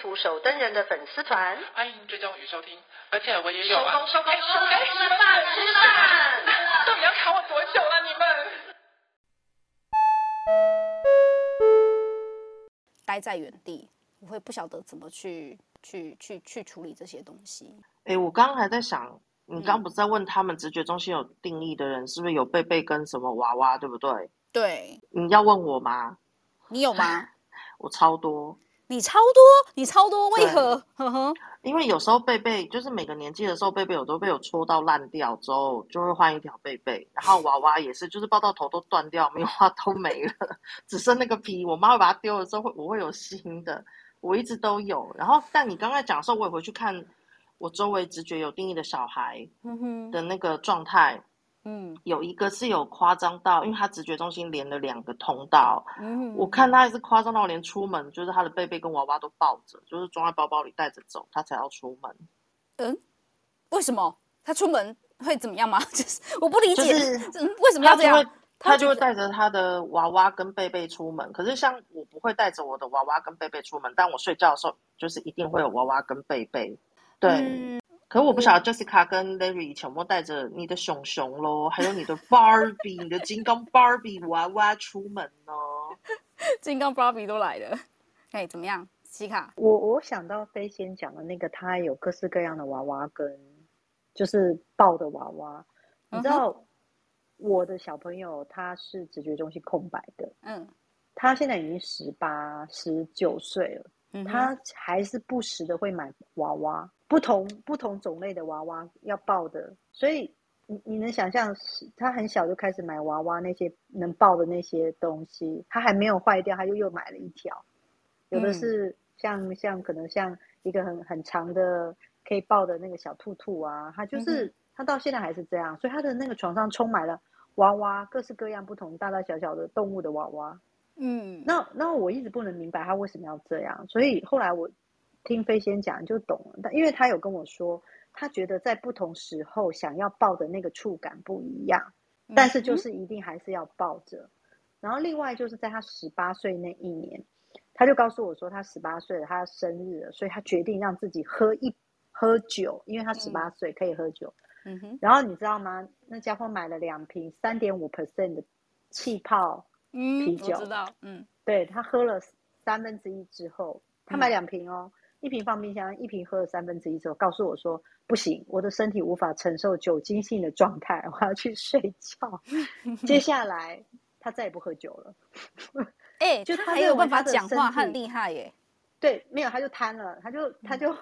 圖手登人的粉絲團，歡迎追蹤與收聽，而且我也有收收工收工吃飯吃飯，到底要卡我多久啊你們？待在原地，我會不曉得怎麼去去去去處理這些東西。哎，我剛剛還在想，你剛不是在問他們直覺中心有定義的人是不是有貝貝跟什麼娃娃對不對？對，你要問我嗎？你有嗎？我超多。你超多，你超多，為何？因為有時候貝貝就是每個年紀的時候，貝貝有都被我戳到爛掉之後，就會換一條貝貝。然後娃娃也是， 就是抱到頭都斷掉，棉花都沒了，只剩那個皮。我媽會把它丟了之後，會我會有新的，我一直都有。然後，但你剛才講的時候，我也回去看我周圍直覺有定義的小孩的那個狀態。嗯哼嗯，有一個是有誇張到，因為他直覺中心連了兩個通道。嗯，我看他也是誇張到連出門，就是他的貝貝跟娃娃都抱着，就是裝在包包裡帶着走，他才要出門。嗯，為什麼？他出門會怎麼樣嗎？就是我不理解，就是，為什麼要這樣？他就會帶着他，他的娃娃跟貝貝出門。可是像我不會帶着我的娃娃跟貝貝出門，但我睡覺的時候就是一定會有娃娃跟貝貝。對。嗯可我不曉得 Jessica 跟 Larry 全部帶着你的熊熊咯，還有你的 Barbie， 你的金剛 Barbie 娃娃出門咯。 金剛 Barbie 都來了，哎，怎麼樣，西卡？我我想到飛仙講的那個，他有各式各樣的娃娃跟，就是抱的娃娃。Uh huh. 你知道我的小朋友他是直覺中心空白的，嗯、uh huh. 他現在已經十八十九歲了。嗯、他還是不時的會買娃娃，不同不同種類的娃娃要抱的，所以你你能想象，他很小就開始買娃娃，那些能抱的那些東西，他還沒有壞掉，他就又買了一條。有的是像、嗯、像，像可能像一個很很長的可以抱的那個小兔兔啊，他就是、嗯、哼、他到現在還是這樣，所以他的那個床上充滿了娃娃，各式各樣不同大大小小的動物的娃娃。嗯，那那我一直不能明白他為什麼要這樣，所以後來我聽飛仙講，就懂了，但因為他有跟我說，他覺得在不同時候想要抱的那個觸感不一樣，但是就是一定還是要抱着。嗯嗯。然後另外就是在他十八歲那一年，他就告訴我說他十八歲了，他生日了，所以他決定讓自己喝一喝酒，因為他十八歲可以喝酒。嗯，嗯哼。然後你知道嗎？那家伙買了兩瓶三點五 percent 的氣泡。啤酒嗯知道，嗯，對他喝了三分之一之後，他買兩瓶哦，嗯、一瓶放冰箱，一瓶喝了三分之一之後，告訴我說不行，我的身體無法承受酒精性的狀態，我要去睡覺。 接下來他再也不喝酒了。哎、 欸，就他沒有辦法講話很厲害耶。對，沒有，他就癱了，他就他就、嗯、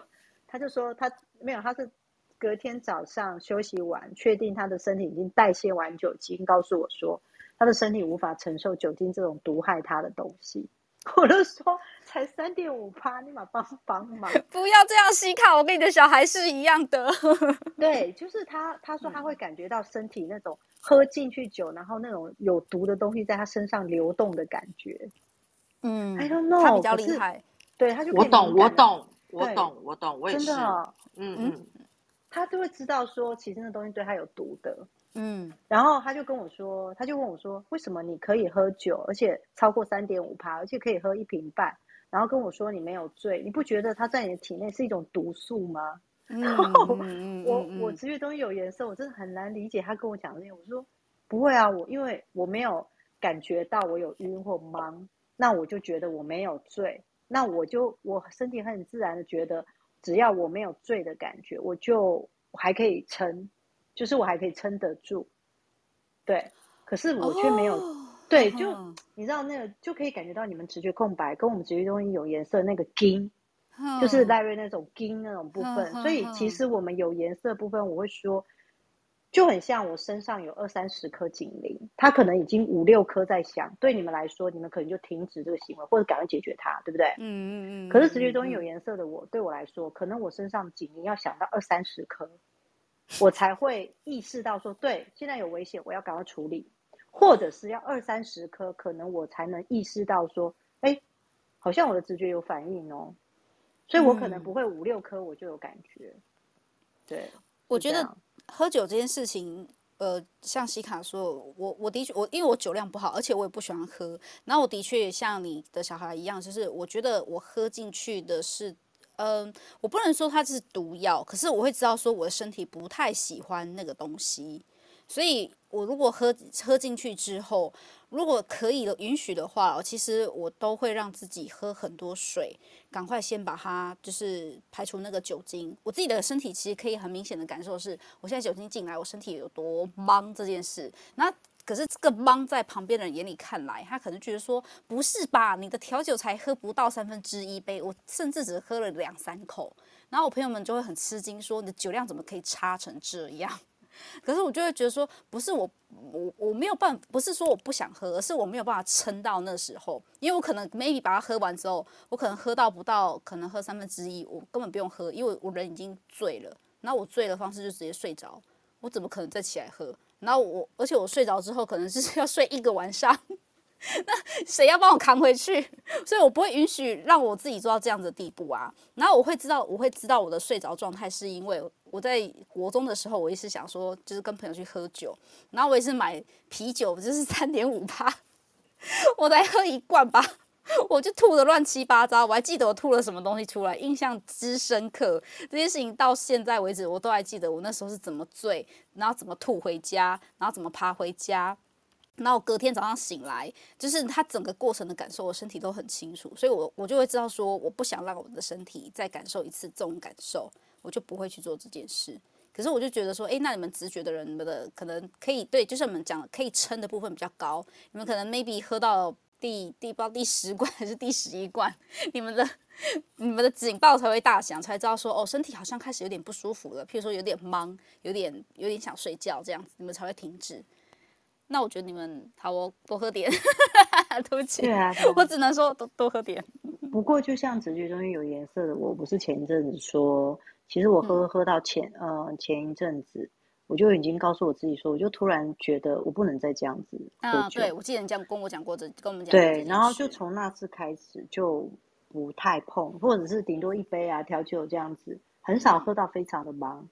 他就說他沒有，他是隔天早上休息完，確定他的身體已經代謝完酒精，告訴我說。他的身體無法承受酒精這種毒害他的東西，我都說才三點五趴，你媽幫幫忙，不要這樣吸靠，我跟你的小孩是一樣的。 對，就是他，他說他會感覺到身體那種喝進去酒，嗯、然後那種有毒的東西在他身上流動的感覺。嗯，I don't know，他比較厲害。對，他就我懂，我懂，我懂，我懂，我對真的，嗯嗯，嗯，他就會知道說，其實那東西對他有毒的。嗯，然後他就跟我說，他就問我說，為什麼你可以喝酒，而且超過三點五趴，而且可以喝一瓶半，然後跟我說你沒有醉，你不覺得它在你的體內是一種毒素嗎？嗯、然後我、嗯、我，我直覺中心有定義，我真的很難理解他跟我講的那種，我說不會啊，我因為我沒有感覺到我有暈或忙，那我就覺得我沒有醉，那我就我身體很自然的覺得，只要我沒有醉的感覺，我就還可以撐。就是我還可以撐得住，對，可是我卻沒有、哦、對，就哼你知道那個就可以感覺到你們直覺空白，跟我們直覺中心有顏色那個金，哼就是賴瑞那種金那種部分。哼哼哼，所以其實我們有顏色部分，我會說，就很像我身上有二三十顆警鈴，他可能已經五六顆在響。對你們來說，你們可能就停止這個行為，或者趕快解決它，對不對？嗯，嗯，可是直覺中心有顏色的我，嗯、對我來說，嗯、可能我身上警鈴要響到二三十顆。 我才會意識到說，對，現在有危險，我要趕快處理，或者是要二三十顆，可能我才能意識到說，哎、欸，好像我的直覺有反應哦，所以我可能不會五六顆我就有感覺。嗯、對，我覺得喝酒這件事情，呃，像西卡說，我我的確，我因為我酒量不好，而且我也不喜歡喝，然後我的確像你的小孩一樣，就是我覺得我喝進去的是。嗯、呃，我不能說它是毒藥，可是我會知道說我的身體不太喜歡那個東西，所以，我如果喝喝進去之後，如果可以允許的話，其實我都會讓自己喝很多水，趕快先把它就是排除那個酒精。我自己的身體其實可以很明顯的感受的是，是我現在酒精進來，我身體有多忙這件事。那可是這個芒在旁邊的人眼裡看來，他可能覺得說，不是吧？你的調酒才喝不到三分之一杯，我甚至只喝了兩三口。然後我朋友們就會很吃驚說，說你的酒量怎麼可以差成這樣？可是我就會覺得說，不是我，我我沒有辦，不是說我不想喝，而是我沒有辦法撐到那時候。因為我可能 maybe 把它喝完之後，我可能喝到不到，可能喝三分之一，我根本不用喝，因為我人已經醉了。然後我醉的方式就直接睡着，我怎麼可能再起來喝？那我，而且我睡着之後，可能就是要睡一個晚上，那誰要幫我扛回去？所以我不會允許讓我自己做到這樣的地步啊。然後我會知道，我會知道我的睡着狀態是因為我在國中的時候，我也是想說，就是跟朋友去喝酒，然後我也是買啤酒，就是三點五趴，我來喝一罐吧。 我就吐得亂七八糟，我還記得，我吐了什麼東西出來，印象之深刻。這件事情到現在為止，我都還記得我那時候是怎麼醉，然後怎麼吐回家，然後怎麼爬回家。然後隔天早上醒來，就是他整個過程的感受，我身體都很清楚，所以我我就會知道說，我不想讓我的身體再感受一次這種感受，我就不會去做這件事。可是我就覺得說，哎，那你們直覺的人，你們的，可能可以，對，就是我們講的可以撐的部分比較高，你們可能 maybe 喝到。第第不知道第十罐還是第十一罐，你們的你們的警報才會大響，才知道說哦，身體好像開始有點不舒服了，譬如說有點茫，有點有點想睡覺這樣子，你們才會停止。那我覺得你們好我、哦、多喝點， 對不起，對啊、我只能說多多喝點。不過就像直覺中心有顏色的，我不是前一陣子說，其實我喝喝到前嗯、呃，前一陣子。我就已經告訴我自己說，我就突然覺得我不能再這樣子。啊，對，我記得你講跟我講過這，跟我們講過對，這講然後就從那次開始就不太碰，或者是頂多一杯啊，調酒這樣子，很少喝到非常的茫。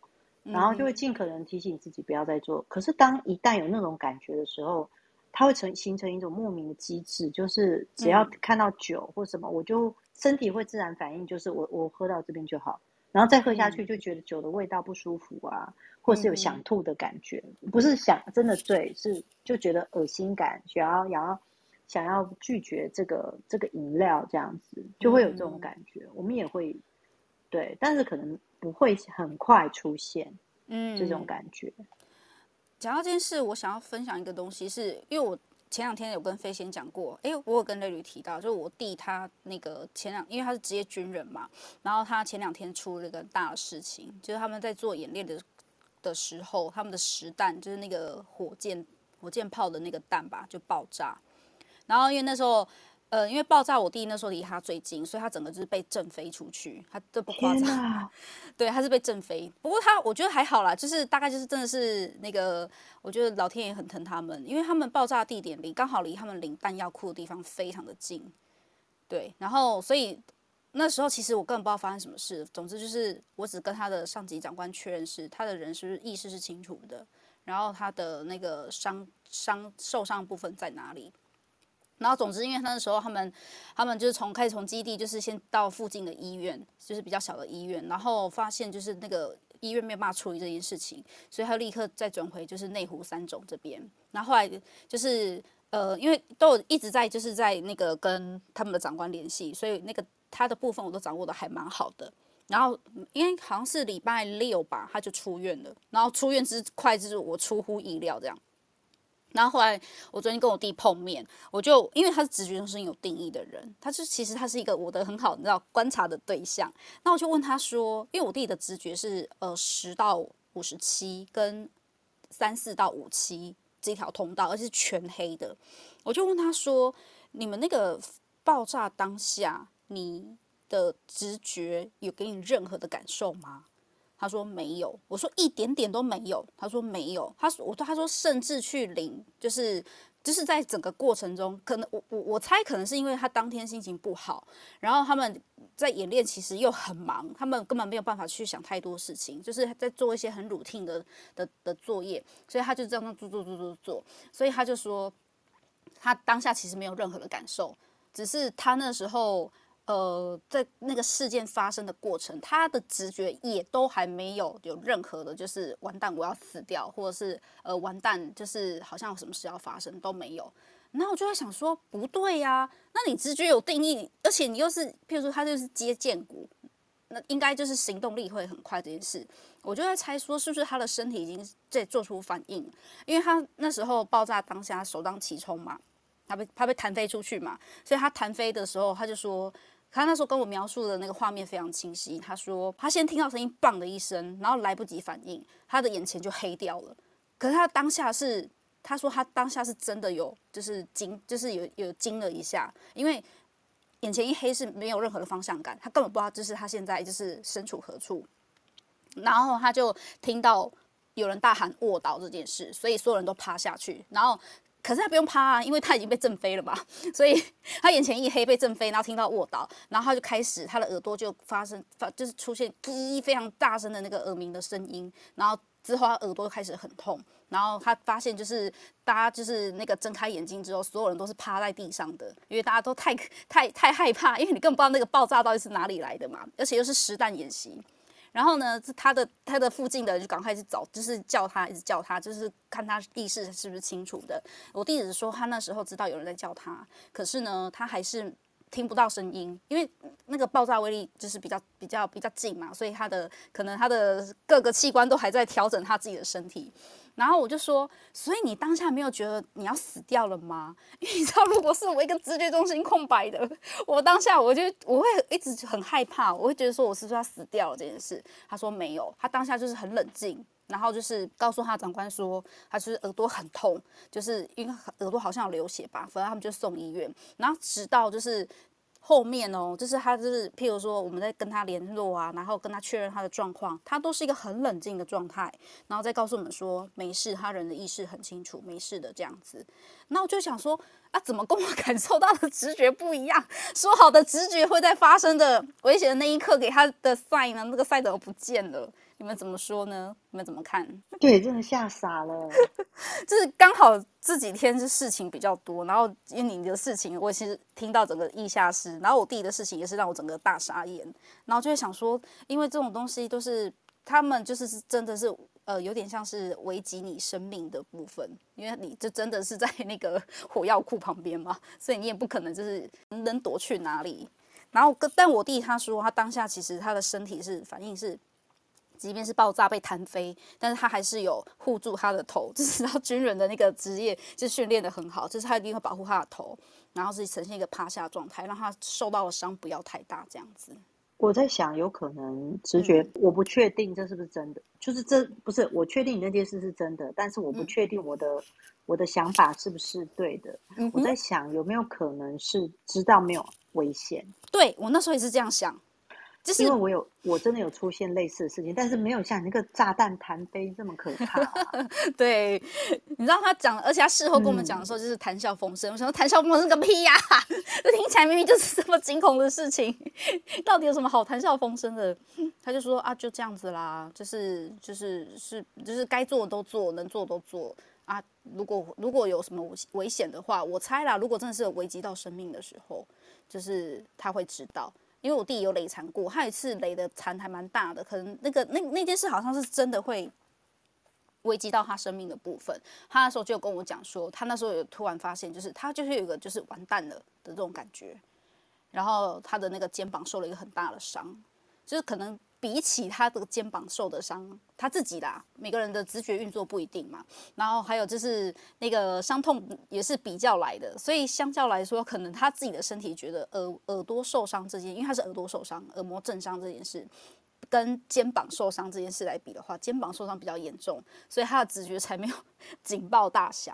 嗯。然後就會盡可能提醒自己不要再做。嗯。可是當一旦有那種感覺的時候，它會成形成一種莫名的機制，就是只要看到酒或什麼，嗯。我就身體會自然反應，就是我我喝到這邊就好，然後再喝下去就覺得酒的味道不舒服啊。嗯或是有想吐的感覺、嗯，不是想真的醉，是就覺得惡心感，想要想要想要拒絕這個這個飲料，這樣子就會有這種感覺。嗯、我們也會對，但是可能不會很快出現，嗯，這種感覺。講、嗯、到這件事，我想要分享一個東西是，是因為我前兩天有跟飛仙講過，哎、欸，我有跟 Larry 提到，就是我弟他那個前兩，因為他是職業軍人嘛，然後他前兩天出了個大事情，就是他們在做演練的。的時候，他們的實彈就是那個火箭火箭炮的那個彈吧，就爆炸。然後因為那時候，呃，因為爆炸，我弟那時候離他最近，所以他整個就是被震飛出去。他這不誇張，啊、對，他是被震飛。不過他，我覺得還好啦，就是大概就是真的是那個，我覺得老天爺很疼他們，因為他們爆炸地點離剛好離他們領彈藥庫的地方非常的近。對，然後所以。那時候其實我根本不知道發生什麼事，總之就是我只跟他的上級長官確認是他的人是不是意識是清楚的，然後他的那個傷傷受傷部分在哪裡，然後總之因為他那時候他們他們就是從開始從基地就是先到附近的醫院，就是比較小的醫院，然後發現就是那個醫院沒辦法處理這件事情，所以他立刻再轉回就是內湖三總這邊，然後後來就是呃因為都一直在就是在那個跟他們的長官聯繫，所以那個。他的部分我都掌握的還蠻好的，然後因為好像是禮拜六吧，他就出院了。然後出院之快就是我出乎意料這樣。然後後來我最近跟我弟碰面，我就因為他是直覺中心有定義的人，他是其實他是一個我的很好，你知道觀察的對象。那我就問他說，因為我弟的直覺是呃十到五十七跟三四到五七這一條通道，而且是全黑的。我就問他說，你們那個爆炸當下。.你的直覺有給你任何的感受嗎？他說沒有。我說一點點都沒有。他說沒有。他說我他說甚至去領，就是就是在整個過程中，可能我我我猜可能是因為他當天心情不好，然後他們在演練，其實又很忙，他們根本沒有辦法去想太多事情，就是在做一些很 routine 的的的作業，所以他就這樣這樣做做做做做，所以他就說他當下其實沒有任何的感受，只是他那時候。呃，在那個事件發生的過程，他的直覺也都還沒有有任何的，就是完蛋我要死掉，或者是呃完蛋就是好像有什麼事要發生都沒有。那我就在想說，不對呀，那你直覺有定義，而且你又是，譬如說他就是薦骨，那應該就是行動力會很快這件事。我就在猜說，是不是他的身體已經在做出反應？因為他那時候爆炸當下首當其衝嘛，他被他被彈飛出去嘛，所以他彈飛的時候他就說。他那時候跟我描述的那個畫面非常清晰。他說他先聽到聲音嘣的一聲，然後來不及反應，他的眼前就黑掉了。可是他當下是，他說他當下是真的有，就是驚，就是有有驚了一下，因為眼前一黑是沒有任何的方向感，他根本不知道就是他現在就是身處何處。然後他就聽到有人大喊“臥倒”這件事，所以所有人都趴下去。然後。可是他不用趴啊，因為他已經被震飛了吧，所以他眼前一黑被震飛，然後聽到臥倒，然後他就開始他的耳朵就發生發就是出現滴非常大聲的那個耳鳴的聲音，然後之後他耳朵就開始很痛，然後他發現就是大家就是那個睜開眼睛之後，所有人都是趴在地上的，因為大家都太太太害怕，因為你根本不知道那個爆炸到底是哪裡來的嘛，而且又是實彈演習。然後呢，他的他的附近的人就趕快去找，就是叫他一直叫他，就是看他意識是不是清楚的。我弟是說他那時候知道有人在叫他，可是呢，他還是。聽不到聲音，因為那個爆炸威力就是比較比較比較近嘛，所以他的可能他的各個器官都還在調整他自己的身體。然後我就說，所以你當下沒有覺得你要死掉了嗎？因為你知道，如果是我一個直覺中心空白的，我當下我就我會一直很害怕，我會覺得說我是不是要死掉了這件事。他說沒有，他當下就是很冷靜。然後就是告訴他長官說，他就是耳朵很痛，就是因為耳朵好像有流血吧，反正他們就送醫院。然後直到就是後面哦，就是他就是譬如說我們在跟他聯絡啊，然後跟他確認他的狀況，他都是一個很冷靜的狀態，然後再告訴我們說沒事，他人的意識很清楚，沒事的這樣子。那我就想說啊，怎麼跟我感受到的直覺不一樣？說好的直覺會在發生的危險的那一刻給他的 sign 呢？那個 sign 都不見了，你們怎麼說呢？你們怎麼看？對，真的嚇傻了， 就是剛好這幾天是事情比較多，然後因為你的事情，我其實聽到整個地下室，然後我弟的事情也是讓我整個大傻眼，然後就會想說，因為這種東西都是他們，就是真的是。呃，有點像是危及你生命的部分，因為你就真的是在那個火藥庫旁邊嘛，所以你也不可能就是能躲去哪裡。然後跟，但我弟他說，他當下其實他的身體是反應是，即便是爆炸被彈飛，但是他還是有護住他的頭，就是他軍人的那個職業就訓練的很好，就是他一定會保護他的頭，然後是呈現一個趴下狀態，讓他受到的傷不要太大這樣子。我在想，有可能直覺，嗯、我不確定這是不是真的。就是這不是我確定你那件事是真的，但是我不確定我的、嗯、我的想法是不是對的。嗯哼、我在想，有沒有可能是知道沒有危險？對，我那時候也是這樣想。就是因為我有，我真的有出現類似的事情，但是沒有像那個炸彈彈飛這麼可怕、啊。 對，你知道他講，而且他事後跟我們講的時候，就是談笑風生。嗯、我想說，談笑風生個屁呀、啊，這 聽起來明明就是這麼驚恐的事情， 到底有什麼好談笑風生的？嗯、他就說啊，就這樣子啦，就是就是是就是該做的都做，能做的都做啊。如果如果有什麼危險的話，我猜啦，如果真的是有危及到生命的時候，就是他會知道。因為我弟有雷殘過，他有一次雷的殘還蠻大的，可能那個那那件事好像是真的會危及到他生命的部分。他那時候就跟我講說，他那時候有突然發現，就是他就是有一個就是完蛋了的這種感覺，然後他的那個肩膀受了一個很大的傷，就是可能。比起他的肩膀受的傷，他自己啦，每個人的直覺運作不一定嘛。然後還有就是那個傷痛也是比較來的，所以相較來說，可能他自己的身體覺得耳耳朵受傷這件，因為他是耳朵受傷、耳膜震傷這件事，跟肩膀受傷這件事來比的話，肩膀受傷比較嚴重，所以他的直覺才沒有警報大響。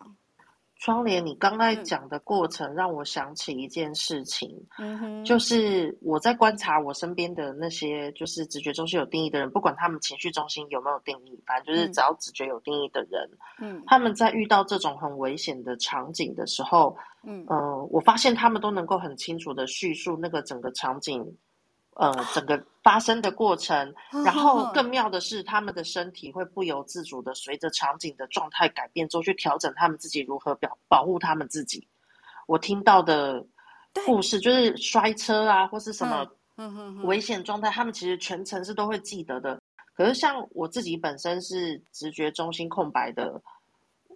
窗簾，你剛才講的過程讓我想起一件事情，嗯，就是我在觀察我身邊的那些，就是直覺中心有定義的人，不管他們情緒中心有沒有定義，反正就是只要直覺有定義的人，嗯，他們在遇到這種很危險的場景的時候，嗯嗯，我發現他們都能夠很清楚的敘述那個整個場景。呃，整個發生的過程，呵呵呵，然後更妙的是，他們的身體會不由自主的隨着場景的狀態改變之後去調整他們自己如何表保，保護他們自己。我聽到的故事，對就是摔車啊，或是什麼危險狀態，呵呵呵，他們其實全程是都會記得的。可是像我自己本身是直覺中心空白的，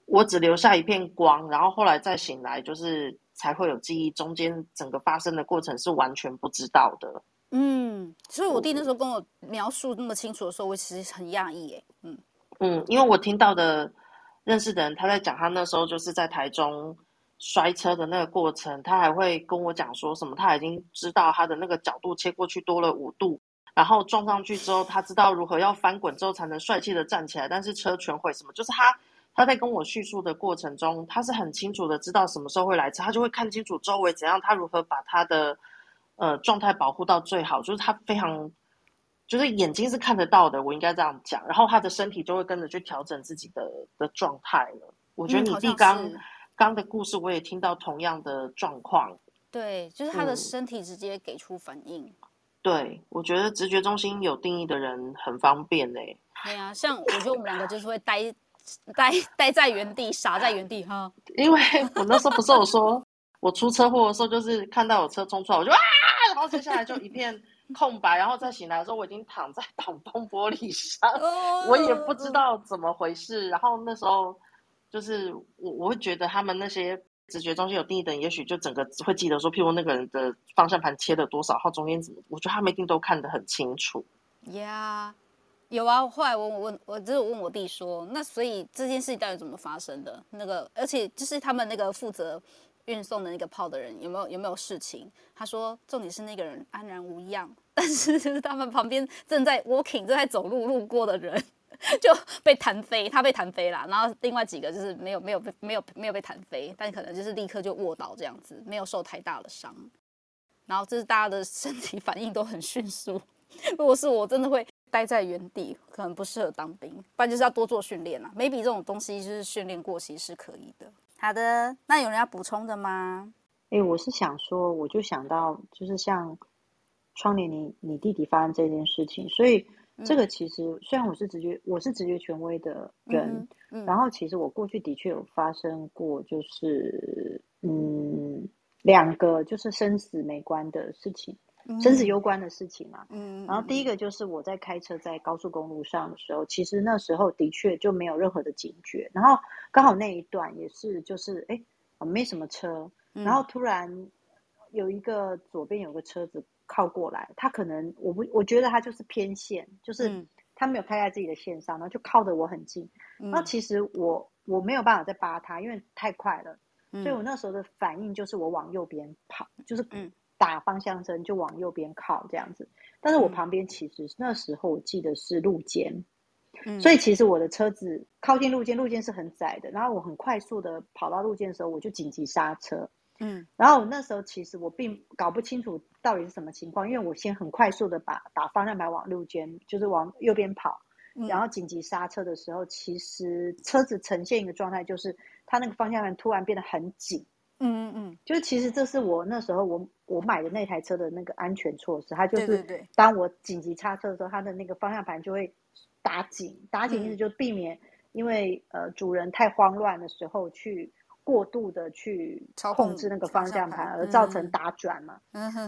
我只留下一片光，然後後來再醒來，就是才會有記憶。中間整個發生的過程是完全不知道的。嗯，所以我弟那時候跟我描述那麼清楚的時候，嗯、我其實很訝異、欸、嗯嗯，因為我聽到的，認識的人他在講他那時候就是在台中摔車的那個過程，他還會跟我講說什麼，他已經知道他的那個角度切過去多了五度，然後撞上去之後，他知道如何要翻滾之後才能帥氣的站起來，但是車全毀什麼，就是他他在跟我敘述的過程中，他是很清楚的知道什麼時候會來車，他就會看清楚周圍怎樣，他如何把他的。呃，狀態保護到最好，就是他非常，就是眼睛是看得到的，我應該這樣講。然後他的身體就會跟着去調整自己的的狀態了。我覺得你弟剛剛的故事，我也聽到同樣的狀況。對，就是他的身體、嗯、直接給出反應。對，我覺得直覺中心有定義的人很方便哎、欸、對呀、啊，像我覺得我們兩個就是會待 待待在原地，傻在原地哈。因為我那時候不是我說 我出車禍的時候，就是看到有車衝出來，我就哇、啊。 然後接下來就一片空白， 然後再醒來的時候，我已經躺在擋風玻璃上，oh, 我也不知道怎麼回事。Uh, 然後那時候，就是我我會覺得他們那些直覺中心有定義的，也許就整個會記得說，譬如那個人的方向盤切了多少號，後中間怎麼，我覺得他們一定都看得很清楚。呀、yeah, 有啊。後來我問我，我只有問我弟說，那所以這件事情到底怎麼發生的？那個，而且就是他們那個負責。運送的那個炮的人有沒有有沒有事情？他說，重點是那個人安然無恙，但是就是他們旁邊正在 walking、正在走路路過的人就被彈飛，他被彈飛了。然後另外幾個就是沒有沒有被沒有沒有被彈飛，但可能就是立刻就臥倒這樣子，沒有受太大的傷。然後這是大家的身體反應都很迅速。如果是我，真的會待在原地，可能不適合當兵，不然就是要多做訓練啊。maybe 這種東西就是訓練過期是可以的。好的，那有人要補充的嗎？誒、欸，我是想說，我就想到，就是像窗簾，你你弟弟發生這件事情，所以這個其實、嗯、雖然我是直覺，我是直覺權威的人，嗯嗯、然後其實我過去的確有發生過，就是嗯，兩個就是生死沒關的事情。生死攸關的事情嘛，嗯，然後第一個就是我在開車在高速公路上的時候，其實那時候的確就沒有任何的警覺，然後剛好那一段也是就是哎、欸，沒什麼車，然後突然有一個左邊有個車子靠過來，他可能我不我覺得他就是偏線，就是他沒有開在自己的線上，然後就靠得我很近，那其實我我沒有辦法再扒他，因為太快了，所以我那時候的反應就是我往右邊跑，就是。打方向燈就往右邊靠這樣子，但是我旁邊其實那時候我記得是路肩，嗯、所以其實我的車子靠近路肩，路肩是很窄的，然後我很快速的跑到路肩的時候，我就緊急剎車，嗯，然後我那時候其實我並搞不清楚到底是什麼情況，因為我先很快速的把打方向盤往路肩，就是往右邊跑，然後緊急剎車的時候，嗯、其實車子呈現一個狀態，就是它那個方向盤突然變得很緊。嗯嗯嗯，就其實這是我那時候我我買的那台車的那個安全措施，它就是當我緊急剎車的時候，它的那個方向盤就會打緊，打緊意思就避免因為，嗯、因為呃主人太慌亂的時候去過度的去控制那個方向盤而造成打轉嘛。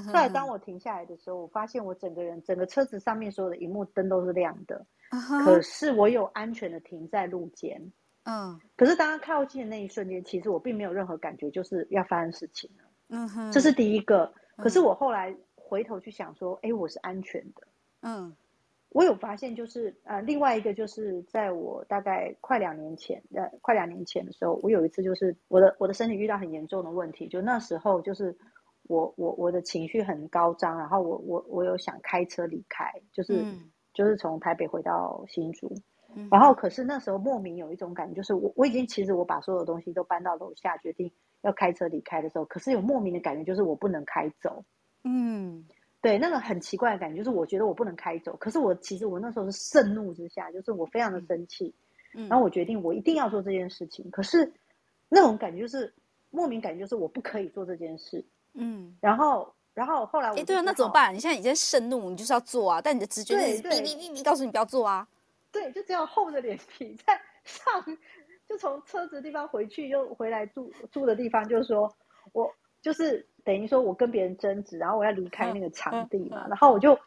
後來、嗯、當我停下來的時候，我發現我整個人整個車子上面所有的熒幕燈都是亮的，嗯、哼可是我有安全的停在路肩。嗯，可是當他靠近的那一瞬間，其實我並沒有任何感覺，就是要發生事情了。嗯哼，這是第一個。可是我後來回頭去想說，哎、嗯欸，我是安全的。嗯，我有發現，就是呃，另外一個就是在我大概快兩年前的、呃，快兩年前的時候，我有一次就是我的我的身體遇到很嚴重的問題，就那時候就是我我我的情緒很高漲，然後我我我有想開車離開，就是、嗯、就是從台北回到新竹。然後，可是那時候莫名有一種感覺，就是我我已經其實我把所有東西都搬到樓下，決定要開車離開的時候，可是有莫名的感覺，就是我不能開走。嗯，對，那個很奇怪的感覺，就是我覺得我不能開走。可是我其實我那時候是盛怒之下，就是我非常的生氣，嗯、然後我決定我一定要做這件事情。嗯、可是那種感覺就是莫名感覺就是我不可以做這件事。嗯，然後然後後來哎，欸、對啊，那怎麼辦？你現在已經盛怒，你就是要做啊，但你的直覺，你你你你告訴你不要做啊。對，就只有厚着臉皮在上，就從車子的地方回去，又回來住住的地方，就是說我就是等於說我跟別人爭執，然後我要離開那個場地嘛，嗯嗯嗯、然後我就，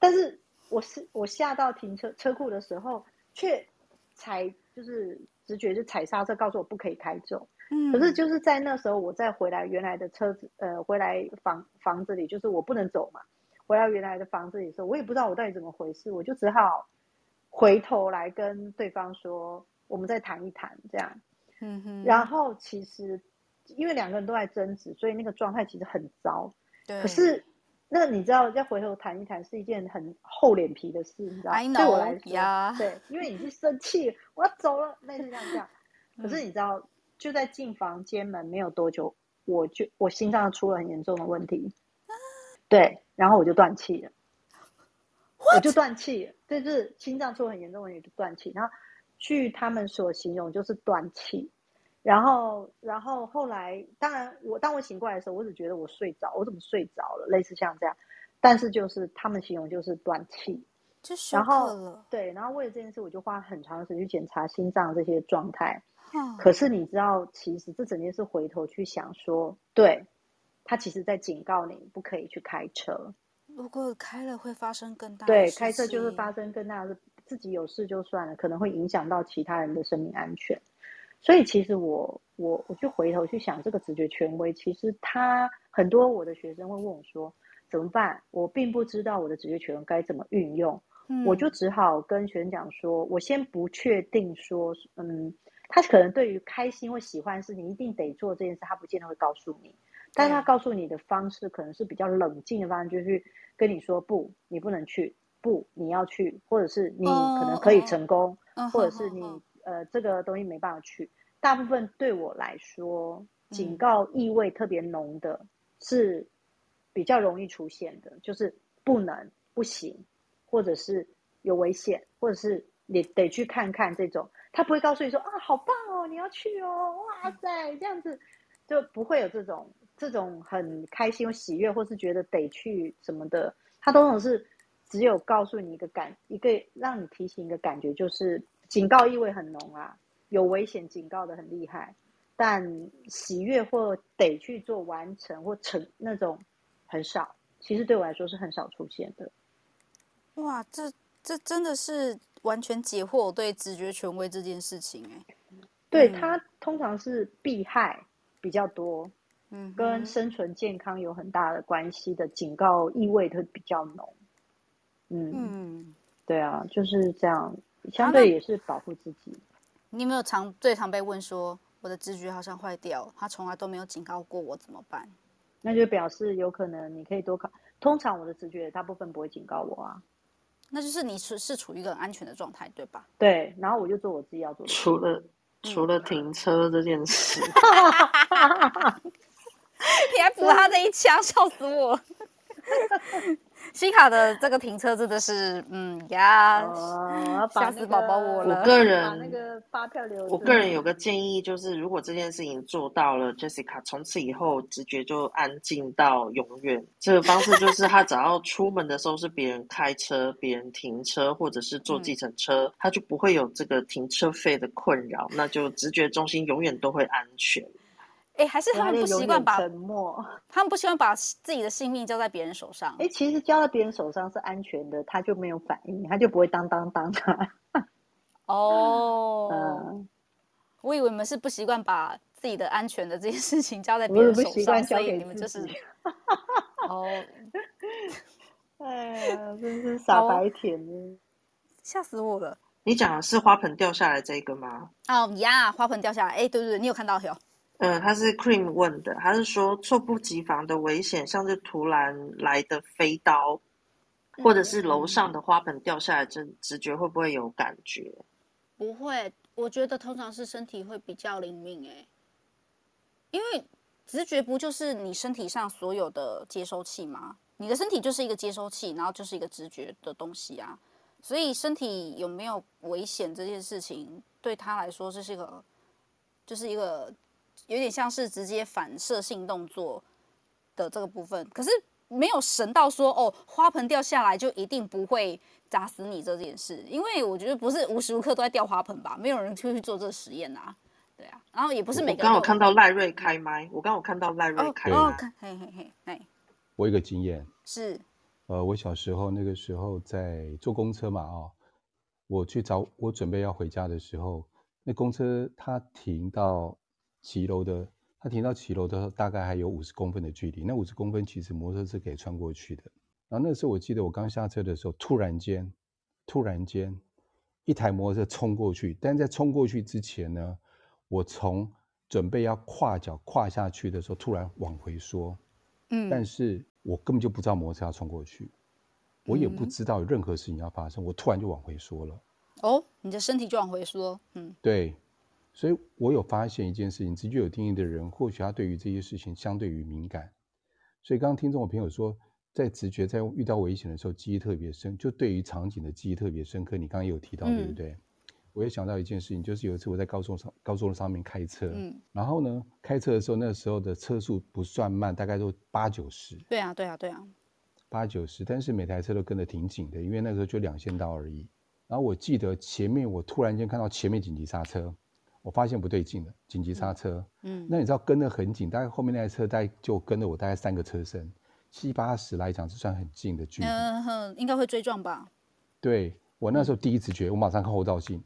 但是我是我下到停車車庫的時候卻，卻踩就是直覺就踩剎車，告訴我不可以開走。嗯、可是就是在那時候，我再回來原來的車子，呃，回來房房子裡，就是我不能走嘛。回到原來的房子裡的時候，我也不知道我到底怎麼回事，我就只好。回頭來跟對方說，我們再談一談，這樣。嗯、哼然後其實，因為兩個人都在爭執，所以那個狀態其實很糟。對可是，那你知道，要回頭談一談是一件很厚臉皮的事，你知道？I know, 對我來說，yeah. 對，因為你是生氣，我要走了，類似這樣,這樣。 可是你知道，就在進房間門沒有多久，我就我心臟出了很嚴重的問題。對，然後我就斷氣了。What? 我就斷氣了。對，就是心臟出很嚴重的問題，斷氣。然後，據他們所形容，就是斷氣。然後，然後後來，當然我當我醒過來的時候，我只覺得我睡着，我怎麼睡着了？類似像這樣。但是就是他們形容就是斷氣，就然後對，然後為了這件事，我就花很長時間去檢查心臟這些狀態。啊、可是你知道，其實這整件事回頭去想說，說對，他其實在警告你不可以去開車。如果開了會發生更大的事，對，開車就是發生更大的，自己有事就算了，可能會影響到其他人的生命安全。所以其實我我我就回頭去想這個直覺權威，其實他很多我的學生會問我說怎麼辦？我並不知道我的直覺權威該怎麼運用，嗯、我就只好跟學長說，我先不確定說，嗯，他可能對於開心或喜歡的事，你一定得做這件事，他不見得會告訴你。但是他告訴你的方式可能是比較冷靜的方式，就是跟你說不，你不能去；不，你要去，或者是你可能可以成功，oh, oh, oh, oh, oh. 或者是你呃這個東西沒辦法去。大部分對我來說，警告意味特別濃的是比較容易出現的，就是不能、不行，或者是有危險，或者是你得去看看這種。他不會告訴你說啊，好棒哦，你要去哦，哇塞，這樣子就不會有這種。這種很開心、喜悅，或是覺得得去什麼的，它通常是只有告訴你一個感，一個讓你提醒一個感覺，就是警告意味很濃啊，有危險，警告得很厲害。但喜悅或得去做完成或成那種很少，其實對我來說是很少出現的。哇，這這真的是完全解惑我對直覺權威這件事情哎、欸，對，它通常是避害比較多。跟生存健康有很大的關係的警告意味會比較濃。嗯嗯，對啊，就是這樣，相對也是保護自己。你有沒有常最常被問說，我的直覺好像壞掉，他從來都沒有警告過我，怎麼辦？那就表示有可能你可以多考。通常我的直覺大部分不會警告我啊，那就是你是是處於一個很安全的狀態，對吧？對。然後我就做我自己要做的，除了除了停車這件事。嗯。 你還補他這一槍，， 笑死我！西卡 的這個停車真的是，嗯呀，嚇、yeah, oh, 想 死寶寶我了。我個人把那個發票留。我個人有個建議，就是如果這件事情做到了，Jessica 從此以後直覺就安靜到永遠。這個方式就是，他只要出門的時候是別人開車、別 人停車，或者是坐計程車，他 就不會有這個停車費的困擾，那就直覺中心永遠都會安全。哎、欸，還是他們不習慣把沉默，他們不習慣把自己的性命交在別人手上。哎、欸，其實交在別人手上是安全的，他就沒有反應，他就不會當當當啊。哦 ，oh, uh, 我以為你們是不習慣把自己的安全的這些事情交在別人手上，不不交給所以你們就是。哦， oh, 哎呀，真是傻白甜呢，嚇、oh, 死我了！你講的是花盆掉下來這個嗎？哦呀，花盆掉下來，哎、欸，對對對，你有看到沒有？呃，他、嗯、是 cream 問的，他是說猝不及防的危險，像是突然來的飛刀，嗯、或者是樓上的花盆掉下來，這、嗯、直覺會不會有感覺？不會，我覺得通常是身體會比較靈敏。哎、欸，因為直覺不就是你身體上所有的接收器嗎？你的身體就是一個接收器，然後就是一個直覺的東西啊。所以身體有沒有危險這件事情，對他來說這是一個，就是一個。有點像是直接反射性動作的這個部分，可是沒有神到說哦，花盆掉下來就一定不會砸死你這件事，因為我覺得不是無時無刻都在掉花盆吧，沒有人去去做這個實驗啊，對啊，然後也不是每個人。我剛有看到賴瑞開麥，我剛有看到賴瑞開哦，開麥嘿嘿嘿，哎，我有個經驗是，呃，我小時候那個時候在坐公車嘛，哦，我去找我準備要回家的時候，那公車它停到。騎樓的，他停到騎樓的時候，大概還有五十公分的距離。那五十公分其實摩托車是可以穿過去的。然後那時候我記得我剛下車的時候，突然間，突然間，一台摩托車衝過去。但在衝過去之前呢，我從準備要跨腳跨下去的時候，突然往回縮。嗯，但是我根本就不知道摩托車要衝過去，我也不知道有任何事情要發生，嗯、我突然就往回縮了。哦，你的身體就往回縮，嗯，對。所以我有發現一件事情：直覺有定義的人，或許他對於這些事情相對於敏感。所以剛剛聽眾我朋友說，在直覺在遇到危險的時候，記憶特別深，就對於場景的記憶特別深刻。你剛剛有提到，對不對？嗯、我也想到一件事情，就是有一次我在高速上，高速路上面開車，嗯、然後呢，開車的時候那時候的車速不算慢，大概都八九十。對啊，對啊，對啊。八九十，但是每台車都跟得挺緊的，因為那時候就兩線道而已。然後我記得前面我突然間看到前面緊急剎車。我發現不對勁了，緊急剎車嗯。嗯，那你知道跟得很緊，大概後面那台車大概就跟了我大概三個車身，七八十來講是算很近的距離。嗯哼，應該會追撞吧？對，我那時候第一次覺得，我馬上看後照鏡，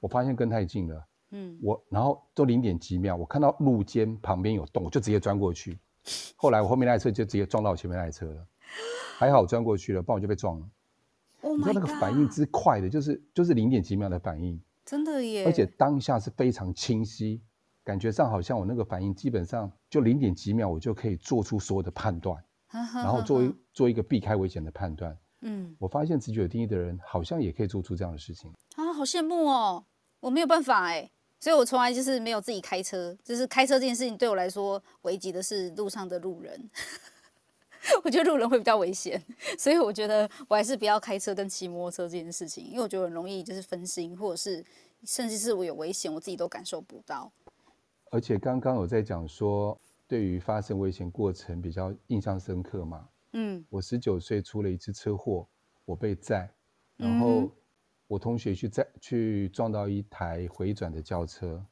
我發現跟太近了。嗯，我然後都零點幾秒，我看到路肩旁邊有洞，我就直接鑽過去。後來我後面那台車就直接撞到我前面那台車了，還好我鑽過去了，不然我就被撞了。Oh my God。你知道那個反應之快的，就是就是零點幾秒的反應。真的耶！而且當下是非常清晰，感覺上好像我那個反應基本上就零點幾秒，我就可以做出所有的判斷， 然後做一做一個避開危險的判斷。 嗯，我發現直覺有定義的人好像也可以做出這樣的事情啊，好羨慕哦！我沒有辦法哎、欸，所以我從來就是沒有自己開車，就是開車這件事情對我來說，危及的是路上的路人。 我覺得路人會比較危險，所以我覺得我還是不要開車跟騎摩托車這件事情，因為我覺得很容易就是分心，或者是甚至是我有危險，我自己都感受不到。而且剛剛有在講說，對於發生危險過程比較印象深刻嘛？嗯，我十九歲出了一次車禍，我被載，然後我同學去載，去撞到一台回轉的轎車。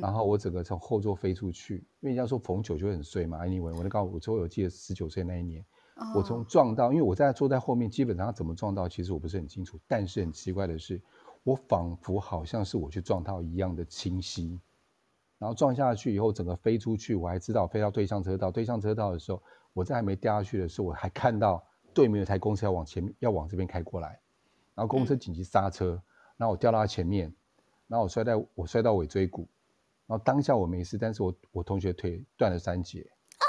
然後我整個從後座飛出去，因為人家說逢九就很衰嘛。Anyway，我都告訴我，我最後記得十九歲那一年，oh. 我從撞到，因為我在坐在後面，基本上他怎麼撞到，其實我不是很清楚。但是很奇怪的是，我仿佛好像是我去撞到一樣的清晰。然後撞下去以後，整個飛出去，我還知道飛到對向車道。對向車道的時候，我這還沒掉下去的時候，我還看到對面有台公車要往前面，要往這邊開過來。然後公車緊急剎車，嗯、然後我掉到他前面，然後我摔在我摔到尾椎骨。然後當下我沒事，但是我我同學腿斷了三節，哎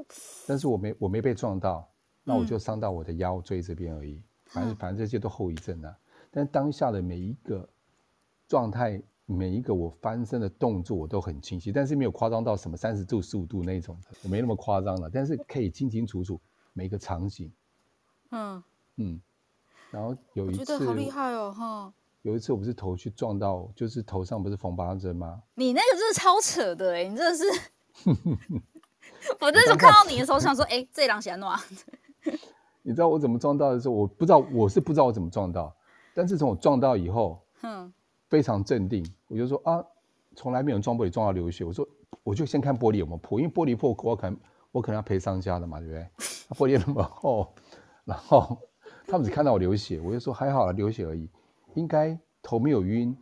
呦！但是我沒我沒被撞到，那我就傷到我的腰椎這邊而已。嗯、反正反正這些都後遺症啊。嗯、但當下的每一個狀態，每一個我翻身的動作，我都很清晰。但是沒有誇張到什麼三十度、十五度那種，我沒那麼誇張了。但是可以清清楚楚每個場景。嗯嗯，然後有一次，我覺得好厲害哦，哈。有一次我不是頭去撞到，就是頭上不是縫八針嗎？你那個真是超扯的哎、欸！你真的是， 我那時候看到你的時候想說，哎，這人弄啊？你知道我怎麼撞到的時候，我不知道，我是不知道我怎麼撞到。但自從我撞到以後，嗯，非常鎮定，我就說啊，從來沒有撞玻璃撞到流血，我說我就先看玻璃有沒有破，因為玻璃破我可能我可能要賠商家的嘛，對不對？玻璃那麼厚， 然後他們只看到我流血，我就說還好、啊，流血而已。應該頭沒有暈，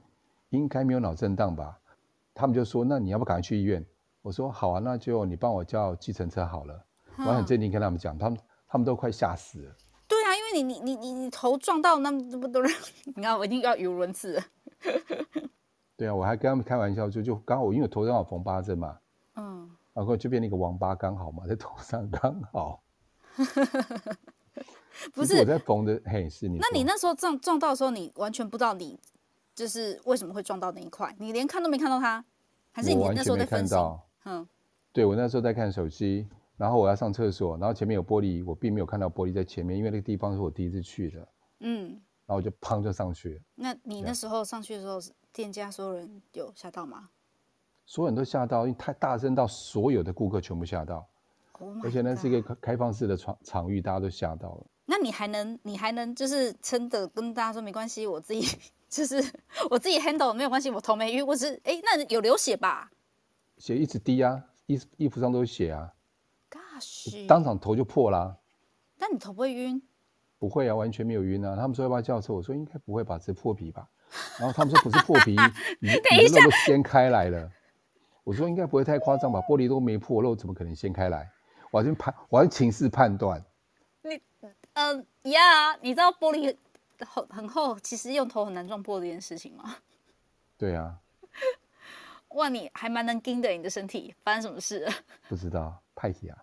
應該沒有腦震盪吧？他們就說：“那你要不趕快去醫院？”我說：“好啊，那就你幫我叫計程車好了。哈”我很正經跟他們講，他們他們都快嚇死了。對啊，因為你你你你，你頭撞到那麼多人，你看我一定要語無倫次。 對啊，我還跟他們開玩笑，就就剛好，我因為我頭上有縫八針嘛，嗯，然後就變那個王八剛好嘛，在頭上剛好。 不是我在縫的，嘿，是你。那你那時候撞撞到的時候，你完全不知道你就是為什麼會撞到那一塊，你連看都沒看到它，還是你那時候在看手機？嗯，對，我那時候在看手機，然後我要上廁所，然後前面有玻璃，我並沒有看到玻璃在前面，因為那個地方是我第一次去的。嗯，然後我就砰就上去了。那你那時候上去的時候，對店家所有人有嚇到嗎？所有人都嚇到，因為太大聲到所有的顧客全部嚇到，oh、而且那是一個開放式的場場域，大家都嚇到了。那你還能，你還能就是撐着跟大家說沒關係，我自己就是我自己 handle 沒有關係，我頭沒暈，我只哎、欸、那有流血吧？血一直滴啊，衣衣服上都有血啊。Gosh！當場頭就破了啊。那你頭不會暈？不會啊，完全沒有暈啊。他們說要不要叫車？我說應該不會吧，這破皮吧。然後他們說不是破皮，等一下，肉掀開來了。等一 我說應該不會太誇張吧，玻璃都沒破，肉怎麼可能掀開來？我先判，我先請示判斷。你。嗯呀，uh, yeah, 你知道玻璃很厚很厚，其實用頭很難撞破的這件事情嗎？對啊。 哇，你還蠻能撞的，你的身體發生什麼事？不知道，歹勢啊。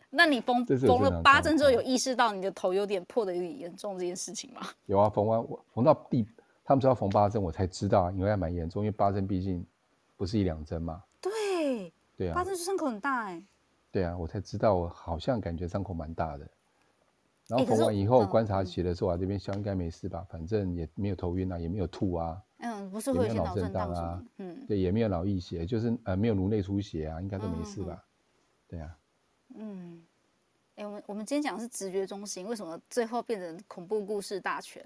那你縫縫了八針之後，有意識到你的頭有點破的有點嚴重這件事情嗎？有啊，縫完我縫到第他們說要縫八針，我才知道、啊，因為還蠻嚴重，因為八針畢竟不是一兩針嘛。對，對啊，八針就傷口很大哎、欸。對啊，我才知道，我好像感覺傷口蠻大的。然後縫完以後觀察起來的時候啊，欸、這邊應該沒事吧？反正也沒有頭暈啊，也沒有吐啊，嗯，不是會有腦震盪啊，嗯，對，也沒有腦溢血，就是呃沒有顱內出血啊，應該都沒事吧？嗯嗯、對啊，嗯，哎、欸，我們我們今天講的是直覺中心，為什麼最後變成恐怖故事大全？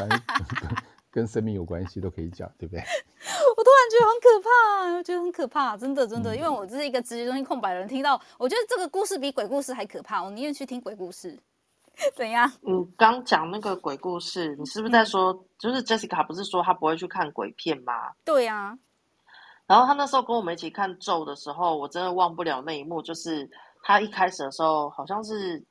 反正， 跟、跟生命有關係都可以講，對不對？ 我突然覺得很可怕，我覺得很可怕，真的真的，嗯、因為我這是一個直覺中心空白的人，聽到我覺得這個故事比鬼故事還可怕，我寧願去聽鬼故事。怎樣？你剛講那個鬼故事，你是不是在說，嗯、就是 Jessica 不是說她不會去看鬼片嗎？對呀、啊。然後她那時候跟我們一起看咒的時候，我真的忘不了那一幕，就是她一開始的時候好像是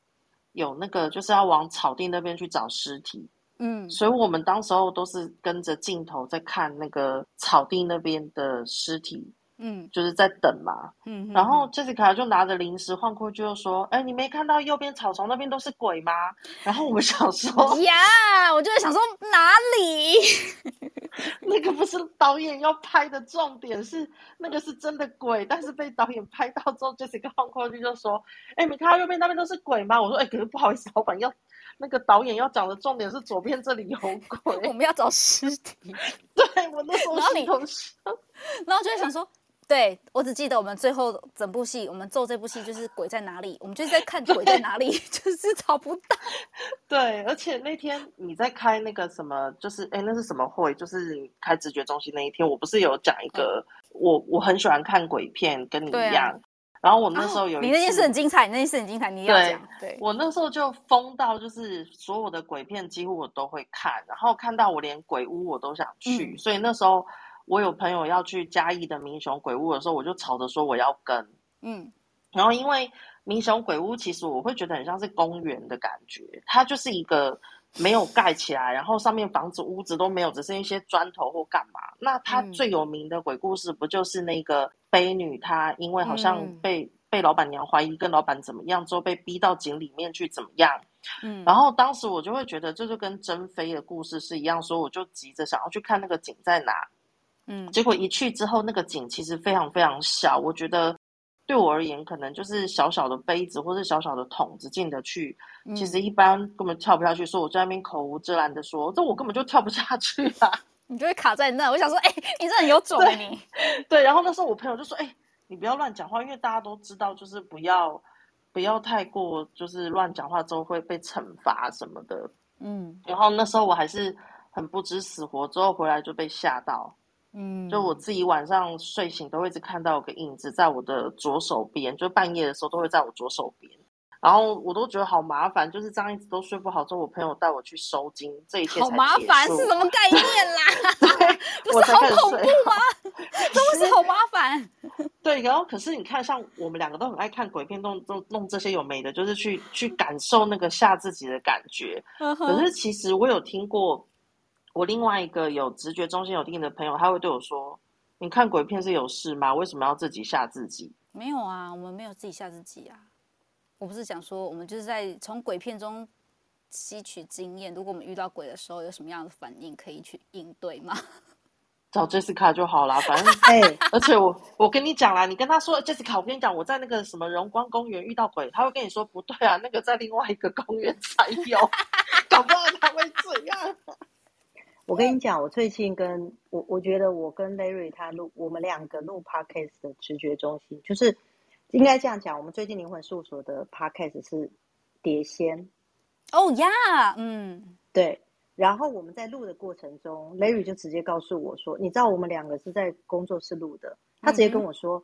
有那個就是要往草地那邊去找屍體。嗯。所以我們當時候都是跟着鏡頭在看那個草地那邊的屍體。嗯，就是在等嘛。嗯哼哼，然後 Jessica 就拿着零食晃過去，就說：“哎、欸，你沒看到右邊草叢那邊都是鬼嗎？”然後我們想說：“呀，yeah, 我就在想說哪裡？ 那個不是導演要拍的重點，是那個是真的鬼，但是被導演拍到之後，Jessica 晃過去就說：‘哎、欸，你看到右邊那邊都是鬼嗎？’我說：‘哎、欸，可是不好意思，老板要那個導演要講的重點是左邊這裡有鬼，我們要找屍體。’對，我那時候是同事。然後，是然後就在想說。” 對，我只記得我們最後整部戲，我們做這部戲就是鬼在哪裡，我們就是在看鬼在哪裡，對 就是找不到。對，而且那天你在開那個什麼，就是哎、欸，那是什麼會？就是開直覺中心那一天，我不是有講一個，嗯、我我很喜歡看鬼片，跟你一樣。啊、然後我那時候有一次、哦、你那件事很精彩，你那件事很精彩，你有講。對，對我那時候就瘋到就是所有的鬼片幾乎我都會看，然後看到我連鬼屋我都想去，嗯、所以那時候。我有朋友要去嘉義的民雄鬼屋的時候，我就吵着說我要跟，嗯，然後因為民雄鬼屋其實我會覺得很像是公園的感覺，它就是一個沒有蓋起來，然後上面房子屋子都沒有，只是一些磚頭或幹嘛。那它最有名的鬼故事不就是那個悲女？她因為好像被被老闆娘懷疑跟老闆怎麼樣，之後被逼到井裡面去怎麼樣？嗯，然後當時我就會覺得，這就跟珍妃的故事是一樣，所以我就急着想要去看那個井在哪。嗯，結果一去之後，那個井其實非常非常小。我覺得對我而言，可能就是小小的杯子或是小小的桶子進得去，嗯、其實一般根本跳不下去。所以我在那邊口無遮攔的說：“這我根本就跳不下去啊！”你就會卡在那。我想說：“哎、欸，你、欸、這人有種、欸！”你對，對。然後那時候我朋友就說：“哎、欸，你不要亂講話，因為大家都知道，就是不要不要太過，就是亂講話之後會被懲罰什麼的。”嗯。然後那時候我還是很不知死活，之後回來就被嚇到。嗯，就我自己晚上睡醒都會一直看到有個影子在我的左手邊，就半夜的時候都會在我左手邊，然後我都覺得好麻煩，就是這樣一直都睡不好。之後我朋友帶我去收驚這一天，好麻煩是什麼概念啦？不 對 是好恐怖嗎？真的 是好麻煩？ 對，然後可是你看，像我們兩個都很愛看鬼片，弄弄弄這些有沒的，就是去去感受那個嚇自己的感覺。Uh huh. 可是其實我有聽過。我另外一個有直覺中心有定義的朋友，他會對我說：“你看鬼片是有事嗎？為什麼要自己嚇自己？”沒有啊，我們沒有自己嚇自己啊。我不是講說，我們就是在從鬼片中吸取經驗。如果我們遇到鬼的時候，有什麼樣的反應可以去應對嗎？找 Jessica 就好了，反正。哎， 而且我我跟你講啦，你跟他說 Jessica，我跟你講，我在那個什麼榮光公園遇到鬼，他會跟你說不對啊，那個在另外一個公園才有， 搞不好他會這樣。 我跟你講，我最近跟我，我覺得我跟 Larry 他錄我們兩個錄 podcast 的直覺中心就是，應該這樣講，我們最近靈魂事務所的 podcast 是碟仙，哦呀，嗯，對，然後我們在錄的過程中，Larry 就直接告訴我說，你知道我們兩個是在工作室錄的，他直接跟我說嗯嗯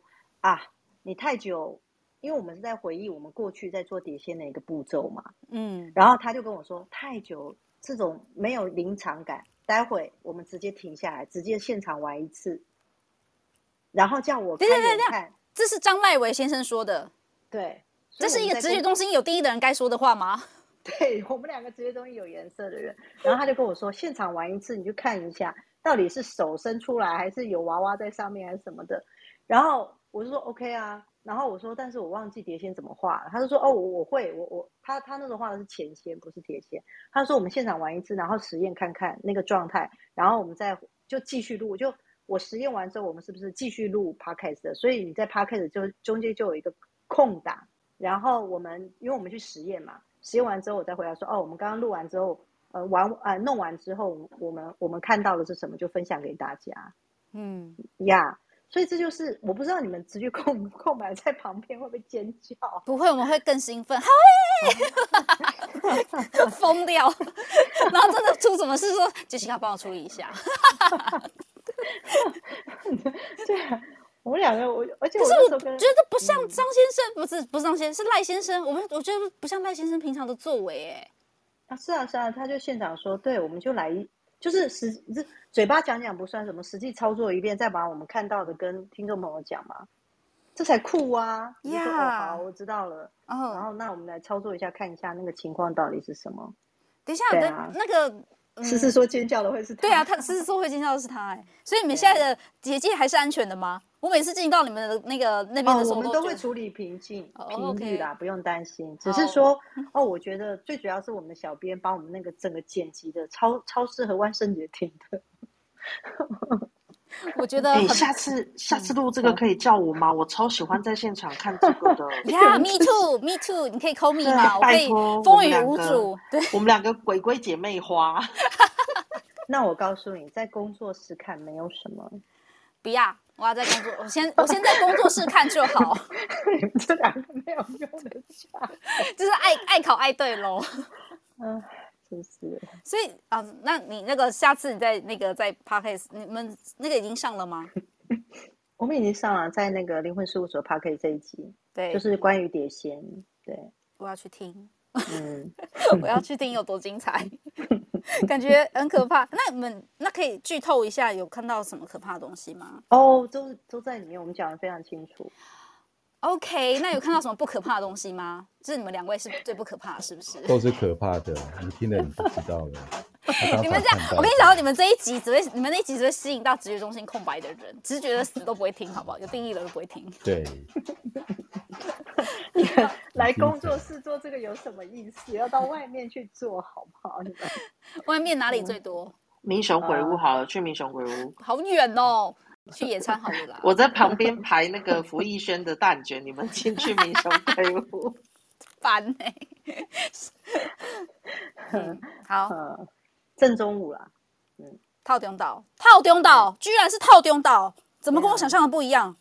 啊，你太久，因為我們是在回憶我們過去在做碟仙的一個步驟嘛，嗯，然後他就跟我說太久，這種沒有臨場感。待會我們直接停下來，直接現場玩一次，然後叫我看。看看這是張賴維先生說的，對，這是一個直覺中心有定義的人該說的話嗎？對我們兩個直覺中心有顏色的人，然後他就跟我說， 現場玩一次，你就看一下到底是手伸出來，還是有娃娃在上面，還是什麼的。然後我就說 OK 啊。然後我說，但是我忘記碟仙怎麼畫了。他就說，哦，我我會，我我他他那個畫的是錢仙，不是碟仙。他說我們現場玩一次，然後實驗看看那個狀態，然後我們再就繼續錄。就我實驗完之後，我們是不是繼續錄 podcast，所以你在 podcast 就中間就有一個空檔。然後我們因為我們去實驗嘛，實驗完之後我再回來說，哦，我們剛剛錄完之後，呃，玩啊、呃、弄完之後，我們我們看到的是什麼就分享給大家。嗯呀。Yeah. 所以這就是我不知道你們直覺空不空白，在旁邊會不會尖叫？不會，我們會更興奮， 好，我、欸、 瘋掉了， 然後真的出什麼事說，傑 西卡幫我處理一下。對 啊，我們兩個我而且可是我，我覺得不像張先生，嗯、不是不是張先生，是賴先生。我們我覺得不像賴先生平常的作為誒、欸。啊是啊是啊，他就現場說，對，我們就來一。就是實，這嘴巴講講不算什麼，實際操作一遍，再把我們看到的跟聽眾朋友講嘛，這才酷啊 Yeah.、哦！好，我知道了。哦、然後，那我們來操作一下，看一下那個情況到底是什麼。等一下，啊、那，那個思思、嗯、說尖叫的會是他？對啊，他思思說會尖叫的是他哎、欸，所以你們現在的結界還是安全的嗎？我每次進到你們的那個那邊的時候，我們都會處理瓶頸頻率的，不用擔心。只是說，哦，我覺得最主要是我們的小編幫我們那個整個剪輯的，超超適合萬聖節聽的。我覺得，欸，下次下次錄這個可以叫我嗎？我超喜歡在現場看這個的。Yeah, me too, me too. 你可以 call me 嗎？我可以。風雨無阻，我們兩個鬼鬼姐妹花。那我告訴你，在工作室看沒有什麼，不要。我要在工作， 我先我先在工作室看就好。 這兩個沒有用的假， 就是愛愛考愛對嘍。嗯，、真、就是。所以啊，那你那個下次你在那個在 podcast 你們那個已經上了嗎？ 我們已經上了，在那個靈魂事務所 podcast 這一集，對，就是關於碟仙。對，我要去聽， 嗯， 我要去聽有多精彩。 感覺很可怕，那你們那可以劇透一下，有看到什麼可怕的東西嗎？哦，都都在裡面，我們講的非常清楚。OK，那有看到什麼不可怕的東西嗎？ 就是你們兩位是最不可怕的，是不是？都是可怕的，你聽了你就知道了。你們這樣，我跟你講，到你們這一集只會，你們那一集只會吸引到直覺中心空白的人，直覺的死都不會聽，好不好？有定義的都不會聽。對。 你來工作室做這個有什麼意思？要到外面去做好不好？外面哪裡最多？民、嗯、雄鬼屋好了，呃、去民雄鬼屋。好遠哦，去野餐好了。 我在旁邊排那個福義軒的蛋卷，你們先去民雄鬼屋。煩呢 煩、欸 嗯。好，正中午了。嗯，套中島，套中島，嗯、居然是套中島，怎麼跟我想象的不一樣？嗯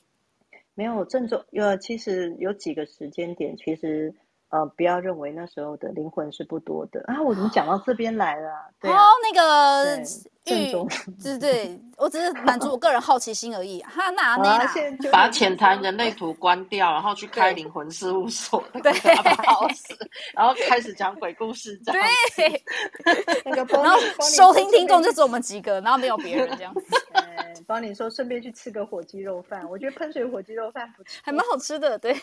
沒有正中，因為其實有幾個時間點，其實呃，不要認為那時候的靈魂是不多的啊。我怎麼講到這邊來了，啊？對啊，然後那個。正宗對對，我只是滿足我個人好奇心而已。哈，拿那把淺談人類圖關掉，然後去開靈魂事務所，對，然後開始講鬼故事。對，然後收聽聽眾就只有我們幾個，然後沒有別人這樣。幫你說，順便去吃個火雞肉飯。我覺得噴水火雞肉飯不錯還蠻好吃的。對，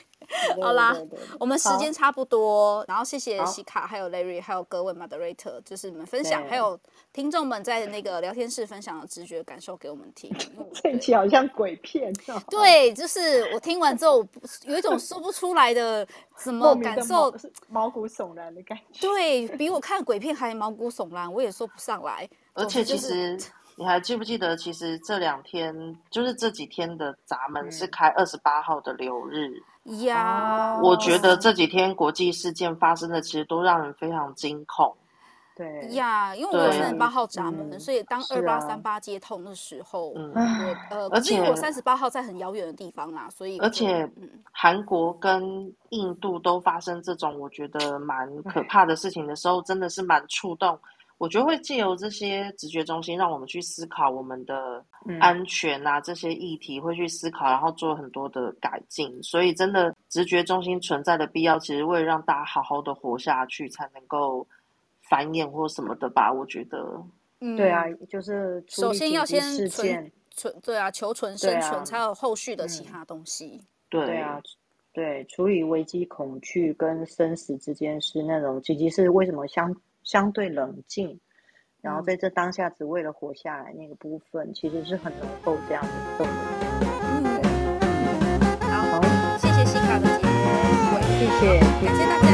好啦，我們時間差不多，然後謝謝西卡，還有 Larry，還有各位 Moderator，就是你們分享，還有聽眾們在那個。聊天室分享的直覺感受給我們聽，這期好像鬼片。對、對，就是我聽完之後，有一種說不出來的什麼感受，毛骨悚然的感覺。對，比我看鬼片還毛骨悚然，我也說不上來。而且其實你還記不記得，其實這兩天就是這幾天的閘門是開二十八號的流日呀，嗯。我覺得這幾天國際事件發生的其實都讓人非常驚恐。對呀，yeah, 因為我有三十八號閘門，嗯、所以當二八三八接通的時候，我、啊嗯、呃，而且我三十八號在很遙遠的地方啦，所以而且，韓國跟印度都發生這種我覺得蠻可怕的事情的時候，Okay. 真的是蠻觸動。我覺得會借由這些直覺中心，讓我們去思考我們的安全啊、嗯、這些議題，會去思考，然後做很多的改進。所以，真的直覺中心存在的必要，其實為了讓大家好好的活下去，才能夠。繁衍或什麼的吧，我覺得，嗯、對啊，就是首先要先存存，對啊，求存生存才、啊、有後續的其他東西，嗯、對，對，對啊，對，處理危機恐懼跟生死之間是那種，其實是為什麼相相對冷靜，然後在這當下只為了活下來那個部分，嗯、其實是很濃厚這樣子動的嗯對好,好謝謝西卡的節目。謝謝，感謝大家。